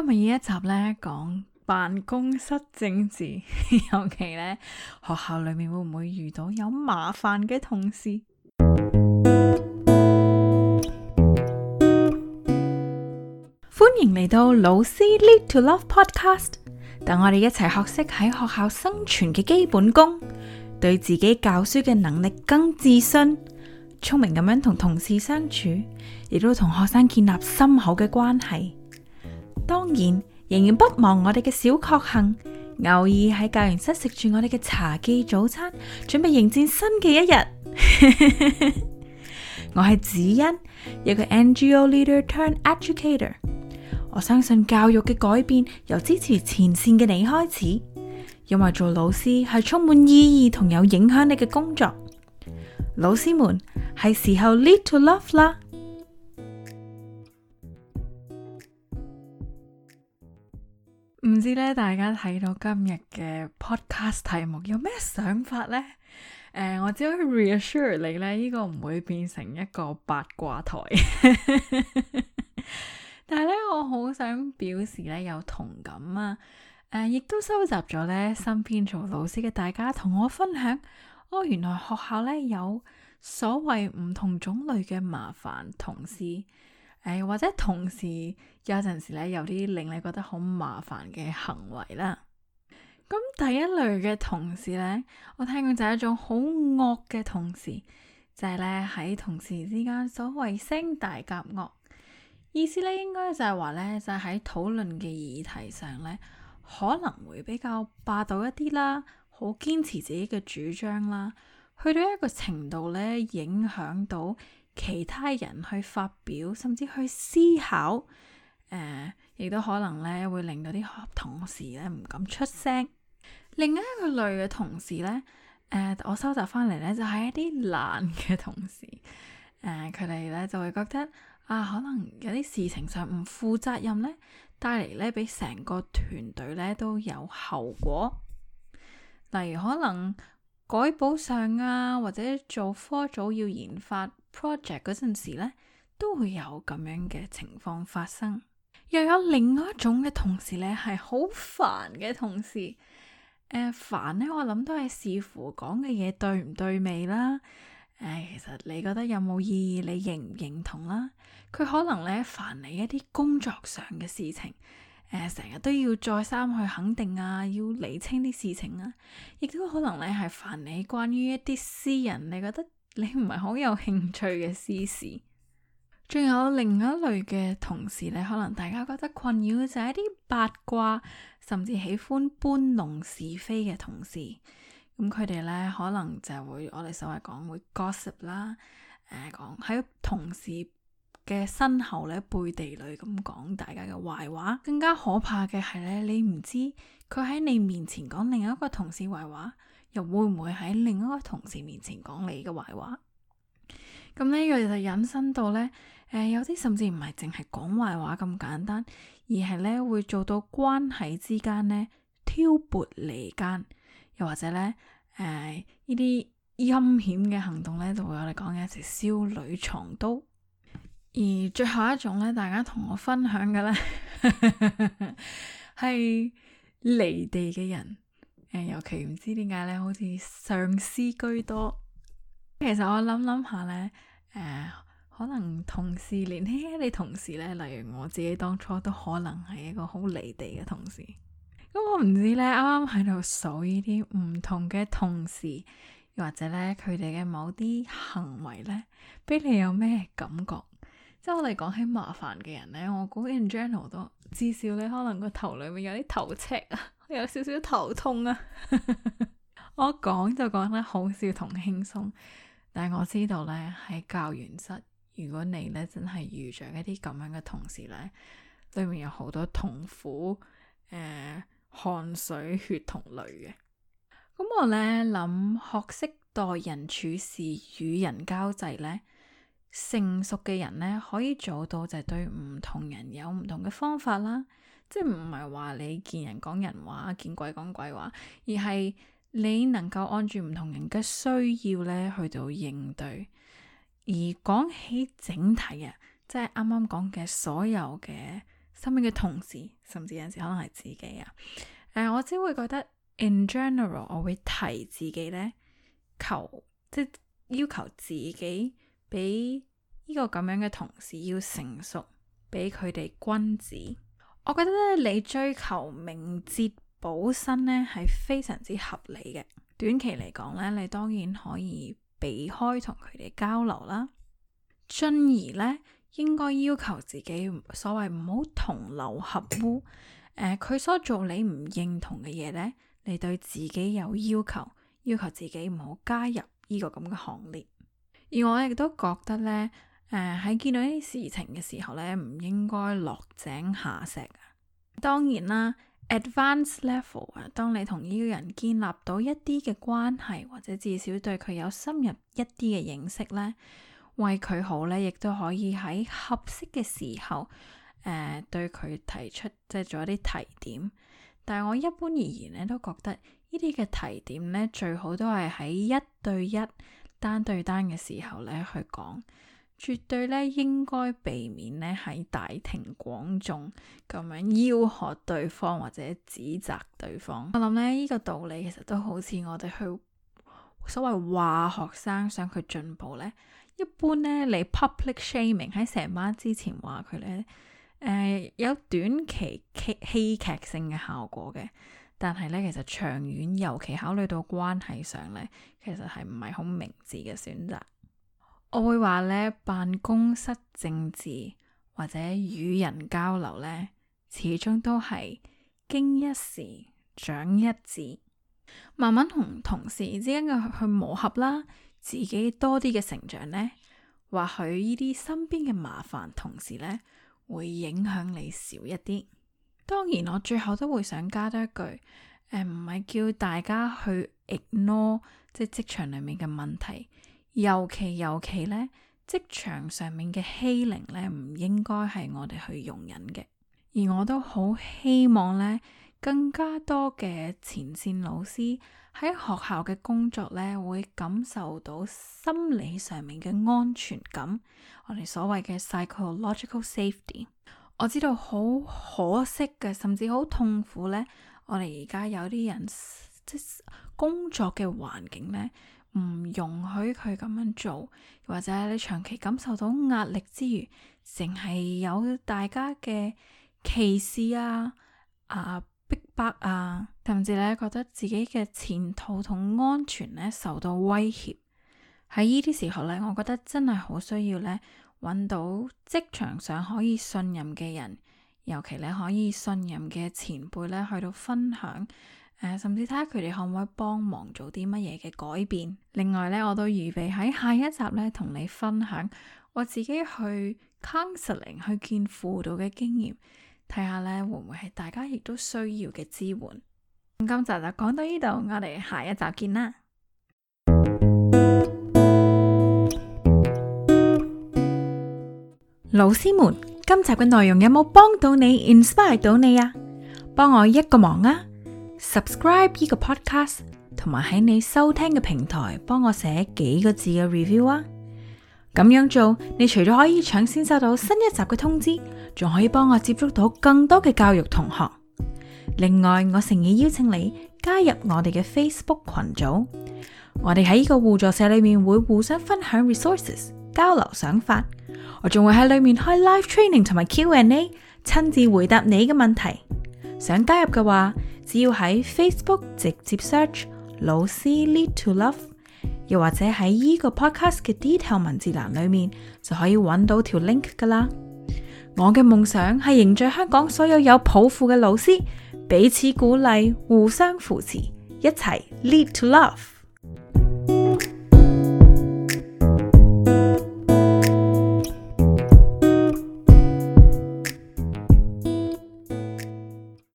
今日呢一集咧講辦公室政治， 尤其咧學校裏面會唔會遇到有麻煩嘅同事？歡迎嚟到老師 Lead to Love Podcast，等我哋一齊學識喺學校生存嘅基本功，對自己教書嘅能力更自信，聰明咁樣同同事相處，亦都同學生建立深厚嘅關係。當然，仍然不忘我哋嘅小確幸，偶爾喺教員室食住我哋嘅茶記早餐，準備迎戰新嘅一日。 我係子欣，一個 NGO leader turn educator。我相信教育嘅改變由支持前線嘅你開始，因為做老師係充滿意義同有影響力嘅工作。老師們，係時候 lead to love 啦！唔知咧，大家睇到今日嘅 podcast 題目有咩想法呢？誒、呃，我只可以 reassure 你咧，呢、呢個唔會變成一個八卦台。 但係咧，我好想表示咧，有同感啊！誒、呃，亦都收集咗咧，身邊做老師嘅大家同我分享，我、哦、原來學校咧，有所謂唔同種類嘅麻煩同事。誒，或者同事有陣時咧，有啲令你覺得好麻煩嘅行為啦。咁第一類嘅同事呢，我聽講就係一種好惡嘅同事，就係咧喺同事之間所謂聲大夾惡，意思咧應該就係話呢，就係喺討論嘅議題上呢，可能會比較霸道一啲啦，好堅持自己嘅主張啦，去到一個程度呢，影響到。其他人去發表，甚至去思考，誒、呃，亦都可能咧會令到啲同事咧唔敢出聲。另一個類嘅同事呢，誒、呃，我收集翻嚟呢，就係一啲懶嘅同事，誒、呃，佢哋呢就會覺得啊，可能有啲事情上唔負責任咧，帶嚟呢俾成個團隊呢都有後果，例如可能。改補上啊，或者做科組要研發 project 嗰陣時呢，都會有咁樣嘅情況發生。又有另外一種嘅同事呢，係好煩嘅同事。誒、呃，煩呢，我諗都係視乎講嘅嘢對唔對味啦。誒、呃，其實你覺得有冇意義？你認唔認同啦？佢可能呢，煩你一啲工作上嘅事情。誒，成日、呃、都要再三去肯定啊，要理清啲事情啊，亦都可能你係煩你關於一啲私人你覺得你唔係好有興趣嘅私事。仲 有另一類嘅同事咧，可能大家覺得困擾嘅就係一啲八卦，甚至喜歡搬弄是非嘅同事。咁佢哋咧可能就會，我哋所謂講會 gossip 啦，誒、呃、講喺同事嘅身後咧背地裏咁講大家嘅壞話，更加可怕嘅係咧，你唔知佢喺你面前講另一個同事壞話，又會唔會喺另一個同事面前講你嘅壞話？咁、嗯、呢、這個就引申到呢，誒、呃，有啲甚至唔係淨係講壞話咁簡單，而係咧會做到關係之間咧挑撥離間，又或者呢，誒呢啲陰險嘅行動呢，就會有我哋講嘅係笑裏藏刀。而最後一種咧，大家同我分享嘅咧係離地嘅人。誒、呃，尤其唔知點解咧，好似上司居多。其實我諗諗下咧，誒、呃，可能同事連你嘅同事咧，例如我自己當初都可能係一個好離地嘅同事。咁我唔知咧，啱啱喺度數呢啲唔同嘅同事，又或者咧佢哋嘅某啲行為咧，俾你有咩感覺？當我哋講起麻煩嘅人呢，我估 in general 都至少你可能個頭裏面有啲頭赤啊，有少少頭痛啊。 我講就講得好笑同輕鬆，但係我知道呢，喺教員室，如果你呢真係遇着一啲咁樣嘅同事呢，裏面有好多痛苦、誒、呃、汗水、血同淚嘅。咁我呢諗學識待人處事、與人交際呢。成熟嘅人咧，可以做到就係對唔同人有唔同嘅方法啦，即係唔係話你見人講人話，見鬼講鬼話，而係你能夠按住唔同人嘅需要咧去到應對。而講起整體嘅，即係啱啱講嘅所有嘅身邊嘅同事，甚至有陣時可能係自己啊。誒、呃，我只會覺得 in general，我會提自己咧，求即要求自己。俾呢個咁樣嘅同事要成熟，俾佢哋君子。我覺得咧，你追求明哲保身呢係非常之合理嘅。短期嚟講呢，你當然可以避開同佢哋交流啦。進而呢，應該要求自己，所謂唔好同流合污。呃、佢所做你唔認同嘅嘢呢，你對自己有要求，要求自己唔好加入呢個咁嘅行列。而我亦都覺得咧，誒、呃、喺見到呢啲事情嘅時候咧，唔應該落井下石啊。當然啦，advanced level 啊，當你同呢個人建立到一啲嘅關係，或者至少對佢有深入一啲嘅認識咧，為佢好咧，亦都可以喺合適嘅時候，誒、呃、對佢提出即係做一啲提點。但係我一般而言咧，都覺得呢啲嘅提點咧，最好都係喺一對一。單對單嘅時候咧，去講，絕對咧應該避免咧喺大庭廣眾咁樣呼喝對方或者指責對方。我諗咧呢、這個道理其實都好似我哋去所謂話學生想佢進步咧，一般咧你 public shaming 喺成班之前話佢咧，誒、呃、有短期欺戲,戲劇性嘅效果嘅。但係咧，其實長遠，尤其考慮到關係上咧，其實係唔係好明智嘅選擇。我會話咧，辦公室政治或者與人交流咧，始終都係經一事長一智，慢慢同同事之間嘅去，去磨合啦，自己多啲嘅成長咧，或許呢啲身邊嘅麻煩同呢，同事咧會影響你少一啲。當然，我最後都會想加多一句，誒唔係叫大家去 ignore 即係職場裡面嘅問題，尤其尤其咧職場上面嘅欺凌咧，唔應該係我哋去容忍嘅。而我都好希望咧，更加多嘅前線老師喺學校嘅工作咧，會感受到心理上面嘅安全感，我哋所謂嘅 psychological safety。我知道好可惜嘅，甚至好痛苦咧。我哋而家有啲人即工作嘅環境咧，唔容許佢咁樣做，或者你長期感受到壓力之餘，淨係有大家嘅歧視啊、啊逼迫啊，甚至咧覺得自己嘅前途同安全咧受到威脅。喺呢啲時候咧，我覺得真係好需要咧。揾到職場上可以信任嘅人，尤其你可以信任嘅前輩咧，去到分享，誒、呃，甚至睇下佢哋可唔可以幫忙做啲乜嘢嘅改變。另外咧，我都預備喺下一集咧同你分享我自己去 counseling 去見輔導嘅經驗，睇下咧會唔會係大家亦都需要嘅支援、嗯。今集就講到呢度，我哋下一集見啦。老師們，今集嘅內容有冇幫到你 inspire 到你啊？幫我一個忙啊，subscribe 呢個 podcast，同埋喺你收聽嘅平台幫我寫幾個字嘅 review 啊。咁樣做，你除咗可以搶先收到新一集嘅通知，仲可以幫我接觸到更多嘅教育同學。另外，我誠意邀請你加入我哋嘅 Facebook 群組，我哋喺呢個互助社裏面會互相分享 resources，交流想法。我仲會喺裏面開 live training 同埋 Q&A，親自回答你嘅問題。想加入嘅話，只要喺 Facebook 直接 search 老師 lead to love，又或者喺呢個 podcast 嘅 detail 文字欄裏面就可以揾到條 link 噶啦。我嘅夢想係凝聚香港所有有抱負嘅老師，彼此鼓勵，互相扶持，一齊 lead to love。